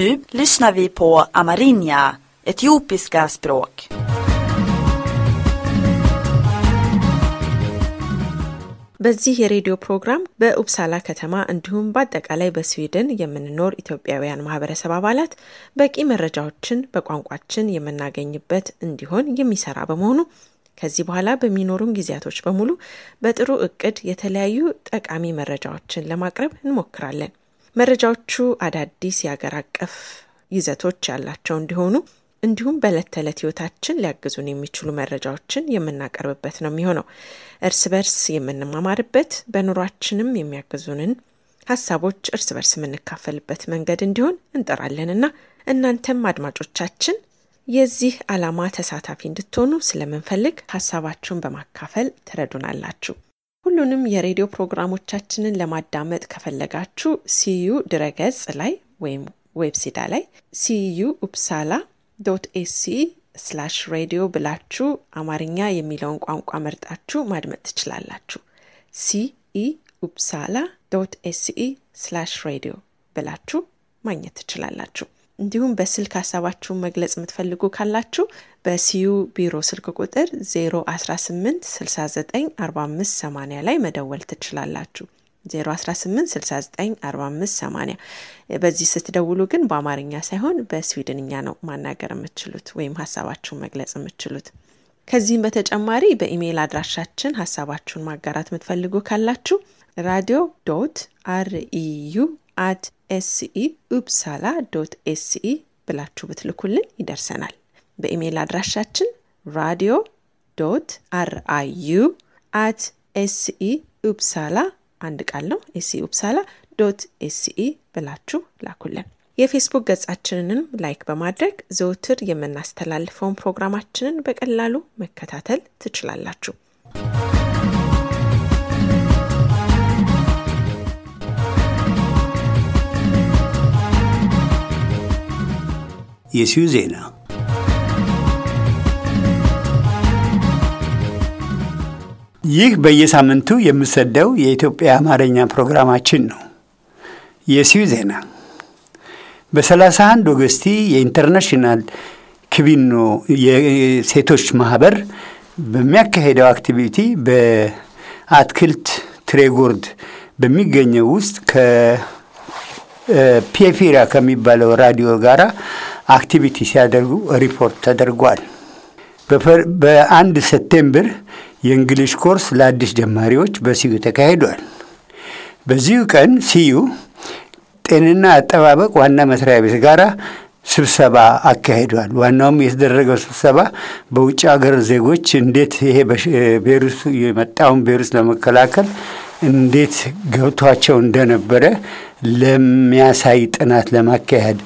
Nu lyssnar vi på Amarinja, etiopiska språk. በዚህ የሬዲዮ ፕሮግራም በኡብሳላ ከተማ እንዲሁም በአጠቃላይ በስዊድን የምንኖር ኢትዮጵያውያን ማህበረሰብ አባላት በቂ መረጃዎችን በቋንቋችን የምናገኝበት እንዲሆን የሚሰራ በመሆኑ ከዚህ በኋላ በሚኖሩን ጊዜያቶች በሙሉ በጥሩ እቅድ የተለያዩ ጠቃሚ መረጃዎችን ለማቅረብ እንሞክራለን። መረጃዎቹ አዳዲስ የአገር አቀፍ ይዘቶች ያላቸው እንዲሆኑ እንዲሁም በዕለት ተዕለት ህይወታችን ሊያግዙን የሚችሉ መረጃዎችን የምናቀርብበት ነው የሚሆነው። እርስ በርስ የምንማማርበት በኑሯችንም የሚያግዙንን ሀሳቦች እርስ በርስ የምንካፈልበት መንገድ እንዲሆን እንጠራለንና እናንተም አድማጮቻችን የዚህ ዓላማ ተሳታፊ እንድትሆኑ ስለምንፈልግ ሀሳባችሁን በማካፈል ትረዱናላችሁ። ሁሉንም የሬዲዮ ፕሮግራሞቻችንን ለማዳመጥ ከፈለጋችሁ ሲዩ ድረገጽ ላይ ወይም ዌብሲዳ ላይ ሲዩ ኡፕሳላ ዶት ኤሲ ስላሽ ሬዲዮ ብላችሁ አማርኛ የሚለውን ቋንቋ መርጣችሁ ማድመጥ ትችላላችሁ። ሲኢ ኡፕሳላ ዶት ኤስኢ ስላሽ ሬዲዮ ብላችሁ ማግኘት ትችላላችሁ። እንዲሁም በስልክ ሀሳባችሁን መግለጽ የምትፈልጉ ካላችሁ በሲዩ ቢሮ ስልክ ቁጥር 018 69 ላይ መደወል ትችላላችሁ። 0186945 በዚህ ስትደውሉ ግን በአማርኛ ሳይሆን በስዊድንኛ ነው ማናገር የምችሉት ወይም ሀሳባችሁን መግለጽ የምችሉት ከዚህም በተጨማሪ በኢሜይል አድራሻችን ሀሳባችሁን ማጋራት የምትፈልጉ ካላችሁ ራዲዮ ዶት አርኢዩ አት ኤስኢ ኡፕሳላ ዶት ኤስኢ ብላችሁ ብትልኩልን ይደርሰናል። በኢሜይል አድራሻችን ራዲዮ ዶት አር አይ አት ኤስኢ ኡፕሳላ አንድ ቃል ነው ኤስኢ ኡፕሳላ ዶት ኤስኢ ብላችሁ ላኩልን። የፌስቡክ ገጻችንንም ላይክ በማድረግ ዘውትር የምናስተላልፈውን ፕሮግራማችንን በቀላሉ መከታተል ትችላላችሁ። የሲዩ ዜና ይህ በየሳምንቱ የምሰደው የኢትዮጵያ አማርኛ ፕሮግራማችን ነው። የሲዩ ዜና በ31 ኦገስቲ የኢንተርናሽናል ክቢኖ የሴቶች ማህበር በሚያካሄደው አክቲቪቲ በአትክልት ትሬጎርድ በሚገኘው ውስጥ ከፒፊራ ከሚባለው ራዲዮ ጋር አክቲቪቲ ሲያደርጉ ሪፖርት ተደርጓል። በአንድ ሴፕቴምበር የእንግሊሽ ኮርስ ለአዲስ ጀማሪዎች በሲዩ ተካሂዷል። በዚሁ ቀን ሲዩ ጤንና አጠባበቅ ዋና መስሪያ ቤት ጋር ስብሰባ አካሂዷል። ዋናውም የተደረገው ስብሰባ በውጭ ሀገር ዜጎች እንዴት ይሄ ቫይረሱ የመጣውን ቫይረስ ለመከላከል እንዴት ገብቷቸው እንደነበረ ለሚያሳይ ጥናት ለማካሄድ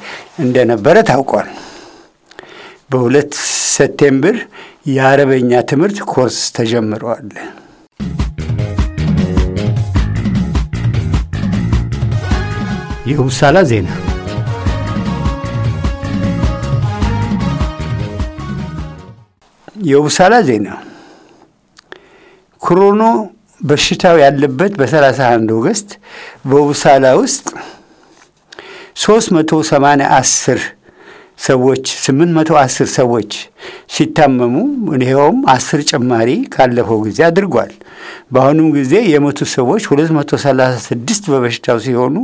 እንደነበረ ታውቋል። በሁለት ሴፕቴምበር የአረበኛ ትምህርት ኮርስ ተጀምረዋል። የውሳላ ዜና የውሳላ ዜና ክሮኖ በሽታው ያለበት በ31 ኦገስት በውሳላ ውስጥ 380 ሰዎች ስምንት መቶ አስር ሰዎች ሲታመሙ ይኸውም አስር ጭማሪ ካለፈው ጊዜ አድርጓል። በአሁኑም ጊዜ የሞቱ ሰዎች ሁለት መቶ ሰላሳ ስድስት በበሽታው ሲሆኑ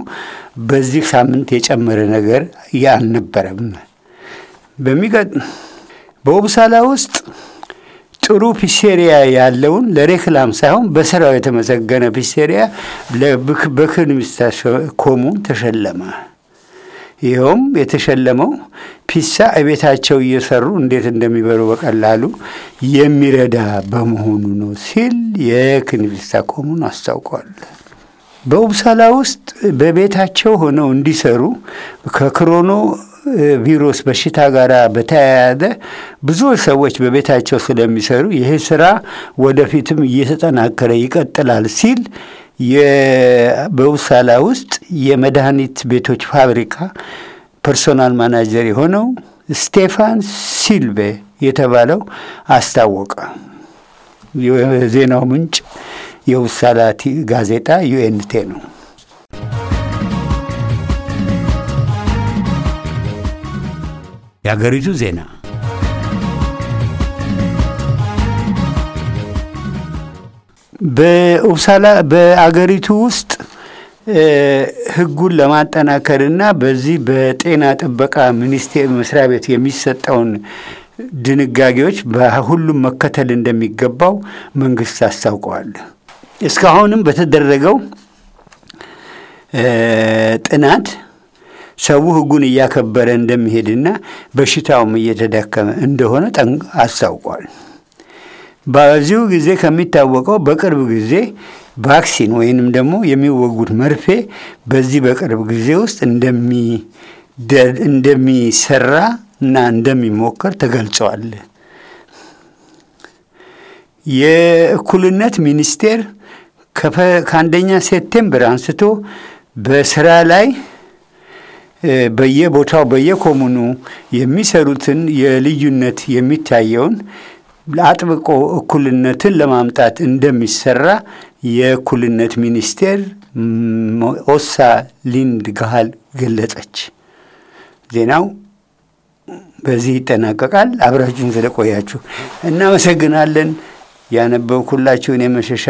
በዚህ ሳምንት የጨመረ ነገር አልነበረም። በሚቀጥ በኦብሳላ ውስጥ ጥሩ ፒሴሪያ ያለውን ለሬክላም ሳይሆን በስራው የተመሰገነ ፒሴሪያ በክርምስታ ኮሙን ተሸለመ። ይኸውም የተሸለመው ፒሳ እቤታቸው እየሰሩ እንዴት እንደሚበሉ በቀላሉ የሚረዳ በመሆኑ ነው ሲል የክንቪሳ ቆሙን አስታውቋል። በኡብሳላ ውስጥ በቤታቸው ሆነው እንዲሰሩ ከክሮኖ ቪሮስ በሽታ ጋር በተያያዘ ብዙ ሰዎች በቤታቸው ስለሚሰሩ ይህ ስራ ወደፊትም እየተጠናከረ ይቀጥላል ሲል በውሳላ ውስጥ የመድኃኒት ቤቶች ፋብሪካ ፐርሶናል ማናጀር የሆነው ስቴፋን ሲልቬ የተባለው አስታወቀ። የዜናው ምንጭ የውሳላቲ ጋዜጣ ዩኤንቴ ነው። የአገሪቱ ዜና በአገሪቱ ውስጥ ህጉን ለማጠናከርና በዚህ በጤና ጥበቃ ሚኒስቴር መስሪያ ቤት የሚሰጠውን ድንጋጌዎች በሁሉም መከተል እንደሚገባው መንግስት አስታውቀዋል። እስካሁንም በተደረገው ጥናት ሰው ህጉን እያከበረ እንደሚሄድና በሽታውም እየተዳከመ እንደሆነ አስታውቋል። በዚሁ ጊዜ ከሚታወቀው በቅርብ ጊዜ ቫክሲን ወይንም ደግሞ የሚወጉት መርፌ በዚህ በቅርብ ጊዜ ውስጥ እንደሚሰራ እና እንደሚሞከር ተገልጸዋል። የእኩልነት ሚኒስቴር ከአንደኛ ሴፕቴምበር አንስቶ በስራ ላይ በየቦታው በየኮሙኑ የሚሰሩትን የልዩነት የሚታየውን አጥብቆ እኩልነትን ለማምጣት እንደሚሰራ የእኩልነት ሚኒስቴር ኦሳ ሊንድ ገሃል ገለጸች። ዜናው በዚህ ይጠናቀቃል። አብራችሁን ስለቆያችሁ እናመሰግናለን። ያነበብኩላችሁን እኔ መሸሻ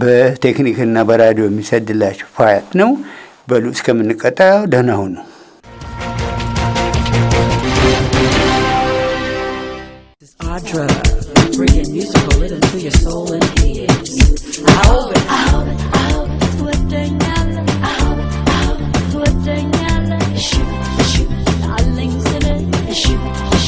በቴክኒክና በራዲዮ የሚሰድላችሁ ፋያት ነው። በሉ እስከምንቀጣ ደህና ሁኑ። Quadra, bringing musical rhythm to your soul and ears. I hope it, I hope it, I hope I hope shoot, shoot, I links shoot, shoot.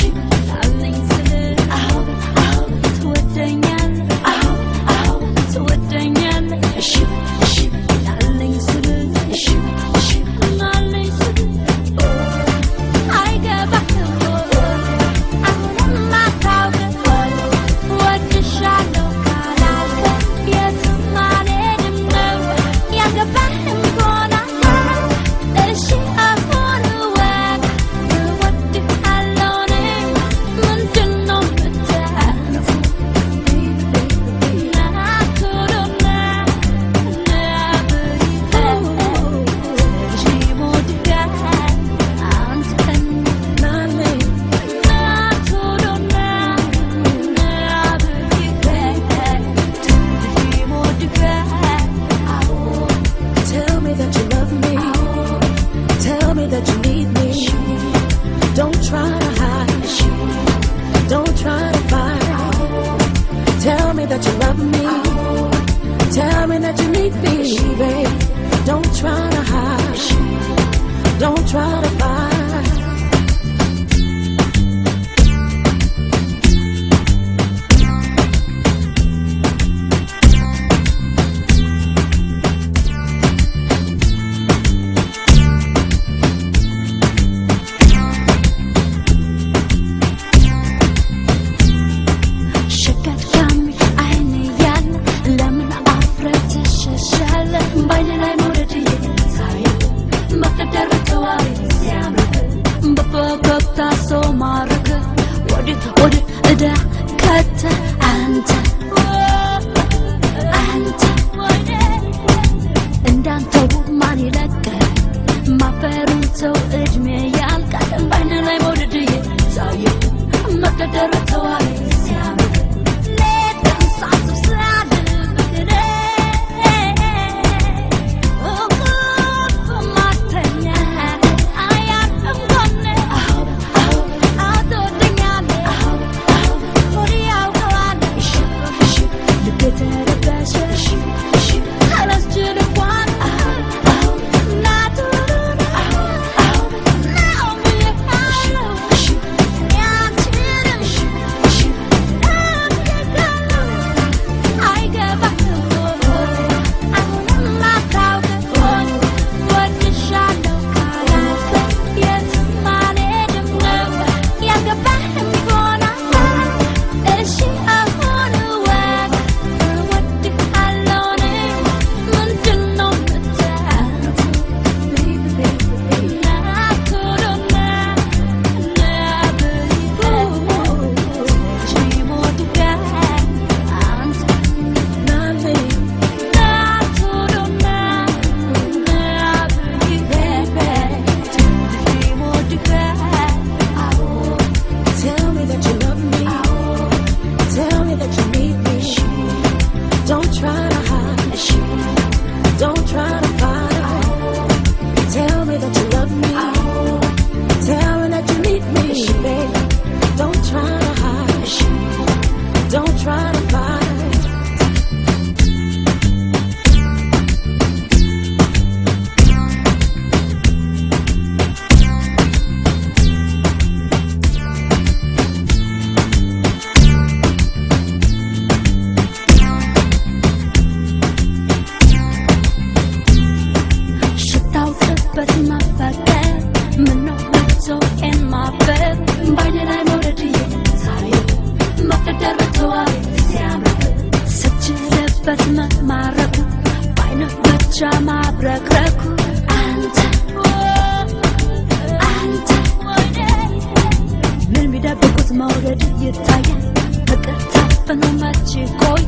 ደብቁት መውረድ ይታያል። ፍቅር ታፍኖ መች ቆየ፣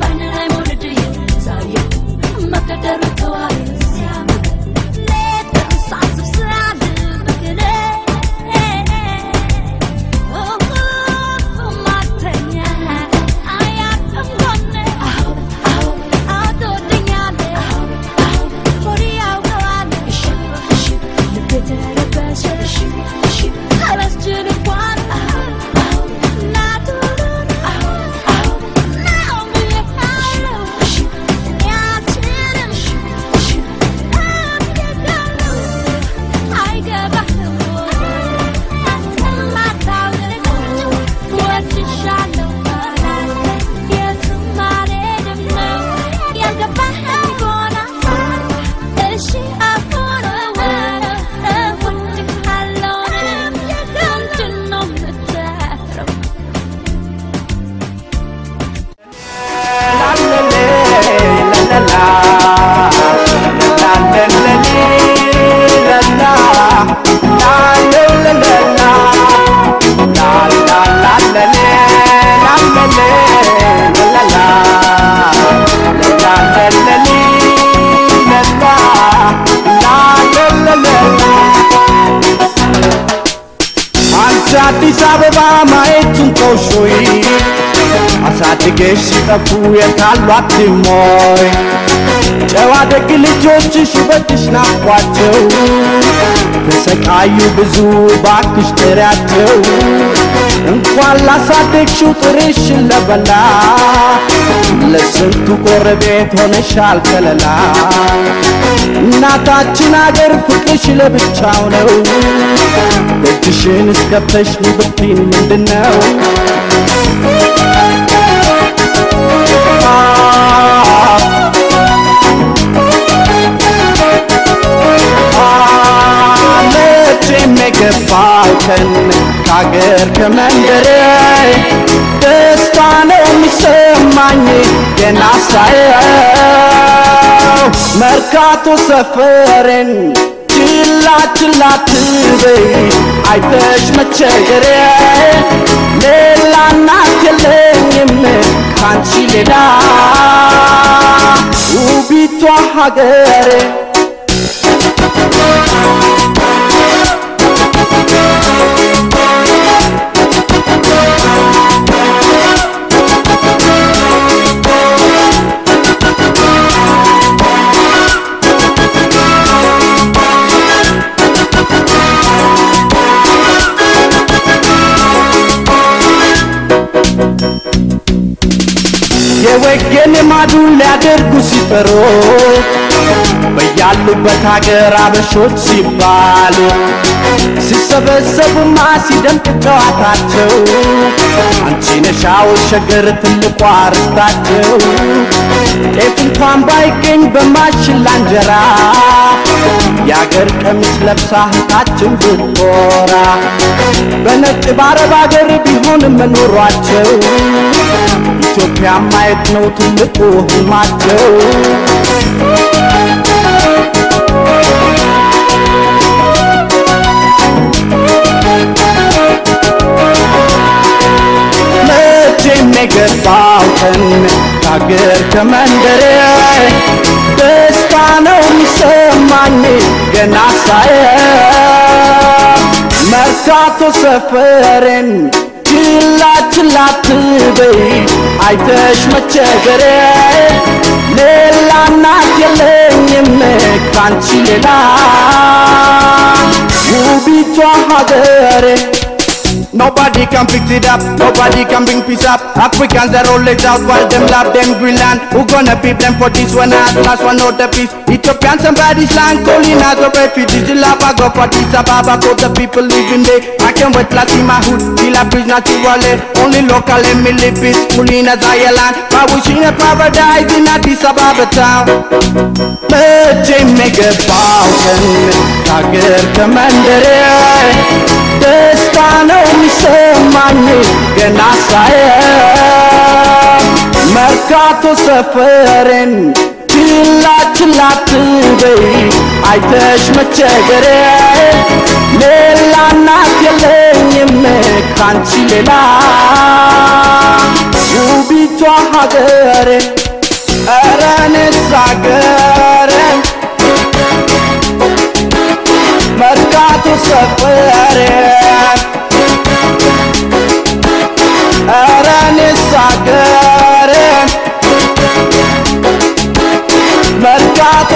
በአይን ላይ መውደድ ይታያል። መቀደሩ ተዋይ ልጆችሽ ሲጠፉ የታሉ አትሞይ ጨዋ ደግ ልጆችሽ በድሽ ናፍቋቸው ተሰቃዩ ብዙ ባክሽ ጥሪያቸው እንኳን ላሳደግሽው ጥርሽን ለበላ ለስንቱ ጎረቤት ሆነሻል ከለላ እናታችን አገር ፍቅርሽ ለብቻው ነው ደጅሽን እስከፍተሽ ብትይ ምንድነው አውተን ከአገር ከመንደር ደስታ ነው የሚሰማኝ የናሳየው መርካቶ ሰፈሬን ችላ ችላ ትበይ አይተሽ መቸገሬ ሌላ እናት የለኝም ካንቺ ሌላ ውቢቷ ሀገሬ የወጌን ማዱ ሊያደርጉ ሲፈሩ በያሉበት ሀገር አበሾች ሲባሉ ሲሰበሰቡማ ሲደምቅ ጨዋታቸው አንቺ ነሻው ሸገር ትልቋ ርስታቸው ጤፍ እንኳን ባይገኝ በማሽላ እንጀራ የአገር ቀሚስ ለብሳ እህታችን ብትኮራ በነጭ ባረብ አገር ቢሆንም መኖሯቸው ኢትዮጵያ ማየት ነው ትልቁ ህልማቸው ከመንደሬ ደስታ ነው የሚሰማኝ ገና ሳየው መርካቶ ሰፈሬን ችላ ችላ አትበይ አይተሽ መቸገሬ ሌላ እናት የለኝም ካንቺ ሌላ ውቢቷ ሀገሬ Nobody can fix it up, nobody can bring peace up. Africans are laid out while them love them Greenland. Who gonna beat them for this one at last one not the peace? Ethiopian somebody's land calling out the refugees. The love I go for this Ababa for the people living there. I can not wait I see my hood, till I bridge not to wallet. Only local let me live peaceful in a Zion. I wish in a paradise in Addis Ababa town. Merging make a balkan, Tiger Commander. ደስታ ነው የሚሰማኝ ገና ሳየው መርካቶ ሰፈሬን ችላ ችላ አይተሽ መቸገሬ ሌላ እናት የለኝም ካንቺ ሌላ ውቢቷ ሀገሬ ኧረ እኔስ አገሬ ሰፈረ ኧረ እኔስ መርካቶ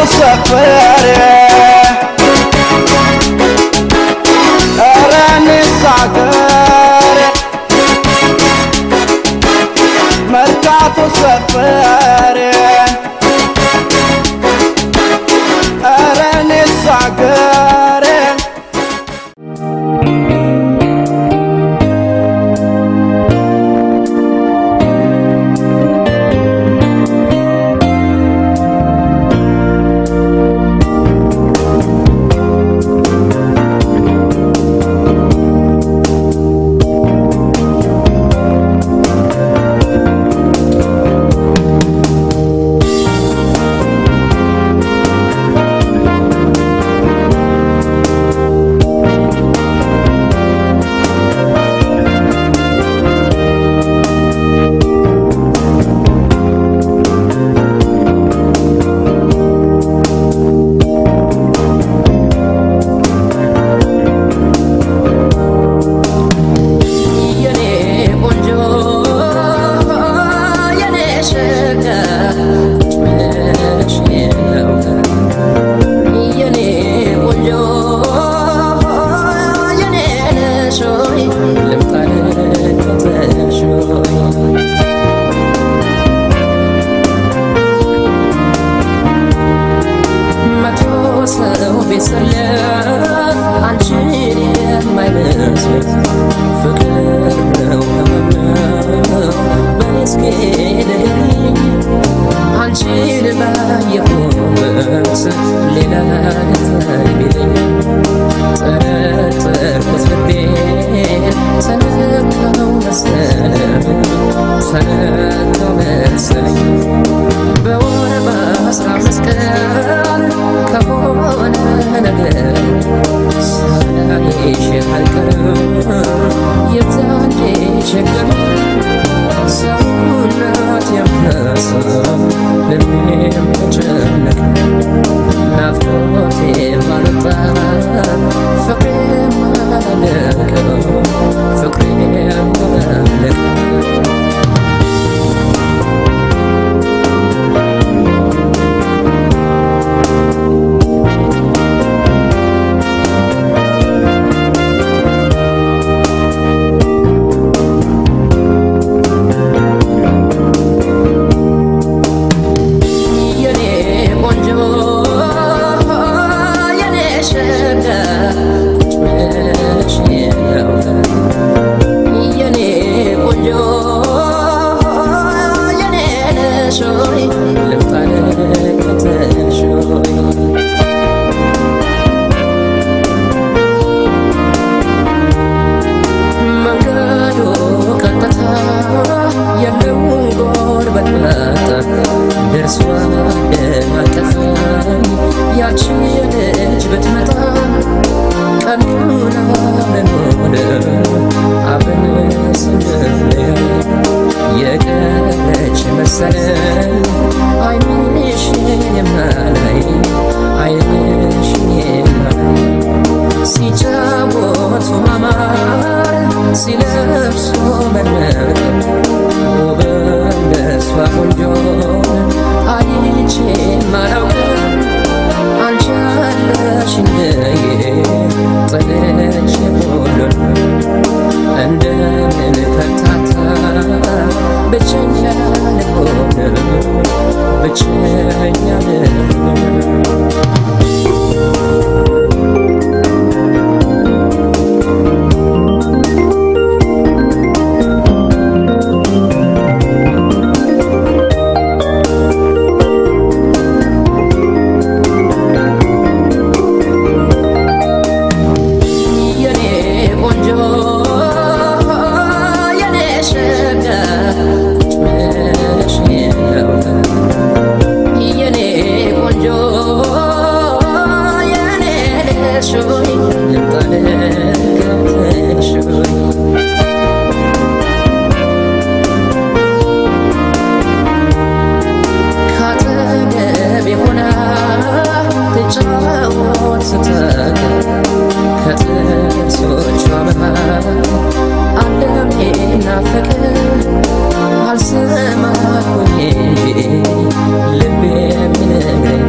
የሆነ ትጫወት ስትል ከጥርሶቿ መሃል ዓለሜና ፍቅር አልሰማሁኝ ልቤ የሚነግረኝ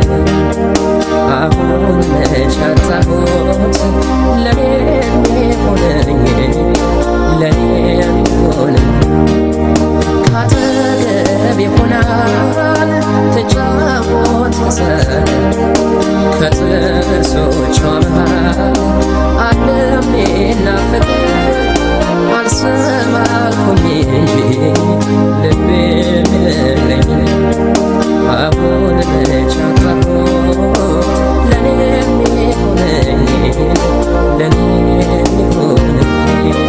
አሁን መች አጣሁት ለኔ የሚሆነኝ ለኔ የሚሆነኝ አጠገብ ይሆናል ተጫወት ከጥርሶቿ መሃል ዓለሜና ፍቅር አልሰማኩኝ እንጂ ልቤ ምለኝ አሁን ብቻ ለኔ የሚሆነኝ ለኔ የሚሆነኝ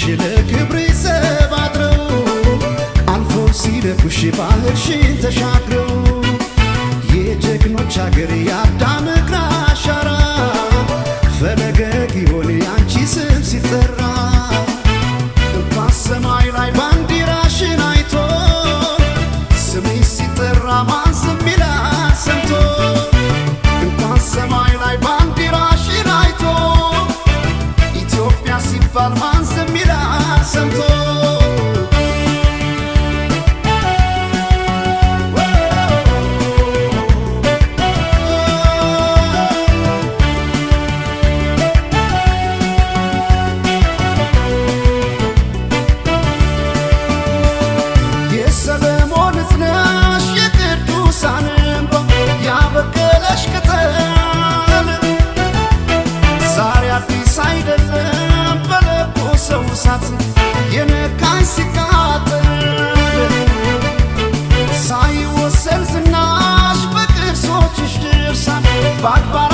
ሲነኩሽ ለክብሬ ሰባትረው አልፎ ሲነኩሽ ባህርሽን ተሻገ back, back.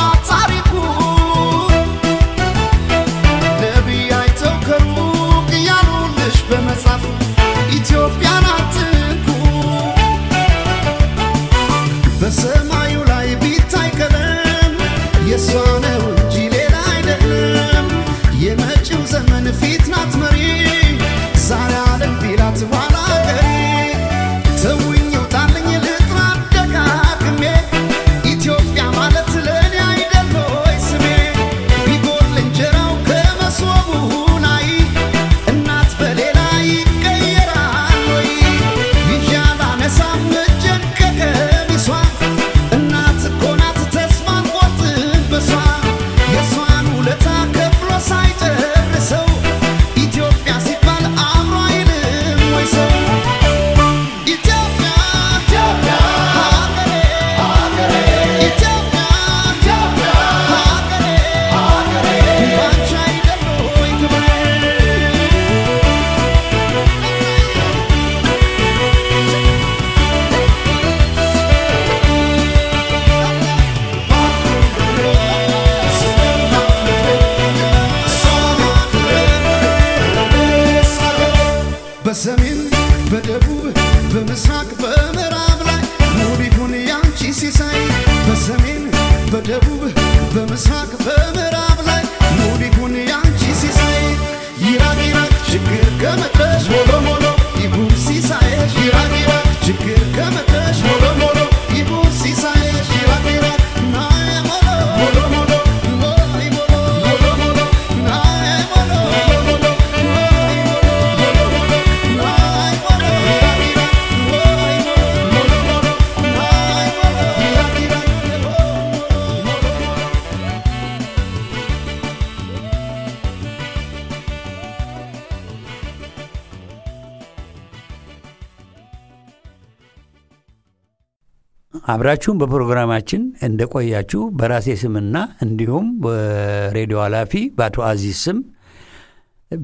አብራችሁን በፕሮግራማችን እንደቆያችሁ በራሴ ስምና እንዲሁም በሬዲዮ ኃላፊ በአቶ አዚዝ ስም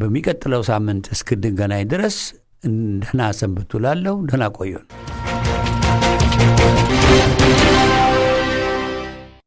በሚቀጥለው ሳምንት እስክንገናኝ ድረስ ደህና ሰንብቱ ላለሁ ደህና ቆዩን።